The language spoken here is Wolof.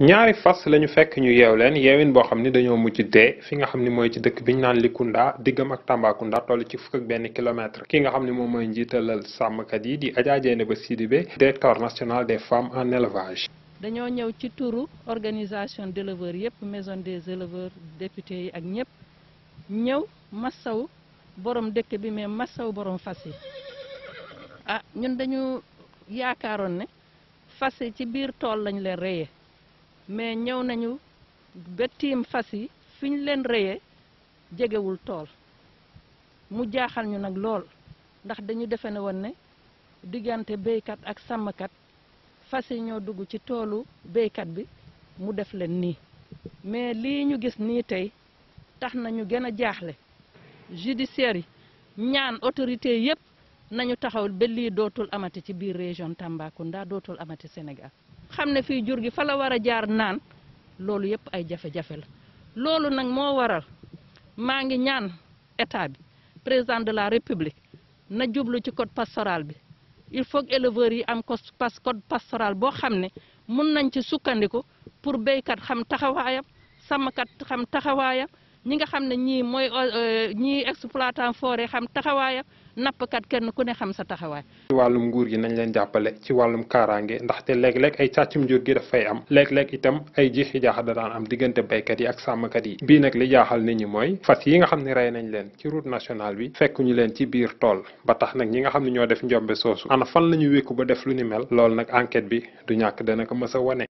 ñaari fas lañu fekk ñu yeew leen yeewin boo xam ni dañoo mujj dee fi nga xam ni mooy ci dëkk bi ñu naan Likunda diggam ak Tambacounda toll ci fukk ak benn kilomètre ki nga xam ni moom mooy njiitalal sàmmkat yi di Adja Dieynaba Sidibé directeur national des femmes en élevage dañoo ñëw ci turu organisation d'éleveurs yëpp maison des éleveurs député yi ak ñëpp ñëw massaw borom dëkk bi mais massaw borom fas yi ah ñun dañu yaakaaroon ne fas yi ci biir tool lañ leen reyee mais ñëw nañu ba tiim fas yi fi ñu leen reyee jegewul tool mu jaaxal ñu nag lool ndax dañu defe ne woon ne diggante béykat ak sàmmkat fas yi ñoo dugg ci toolu béykat bi mu def leen nii mais lii ñu gis nii tey tax nañu ñu gën a jaaxle judiciaire yi ñaan autorité yépp nañu taxaw ba lii dootul amati ci biir région Tambacounda dootul amati Sénégal xam ne fii jur gi fa la war a jaar naan loolu yëpp ay jafe-jafe la loolu nag moo waral maa ngi ñaan état bi président de la république na jublu ci code pastoral bi il faut que éleveurs yi am code pastoral boo xam ne mun nañ ci sukkandiku pour béykat xam taxawaayam sàmmkat xam taxawaayam ñi nga xam ne ñii mooy euh, ñii exploitant forêt xam taxawaayam nappkat kenn ku ne xam sa taxawaay. ci wàllum nguur gi nañ leen jàppale ci wàllum kaaraange ndaxte léeg-léeg ay càccum jur gi dafay am léeg-léeg itam ay jiixi jaaxa da daan am diggante béykat yi ak sàmmkat yi bii nag li jaaxal nit ñi mooy fas yi nga xam ne rey nañ leen ci route nationale bi fekk ñu leen ci biir tool ba tax nag ñi nga xam ne ñoo def njombe soosu ana fan la ñu wékku ba def lu ni mel loolu nag enquête bi du ñàkk dana ko mës a wane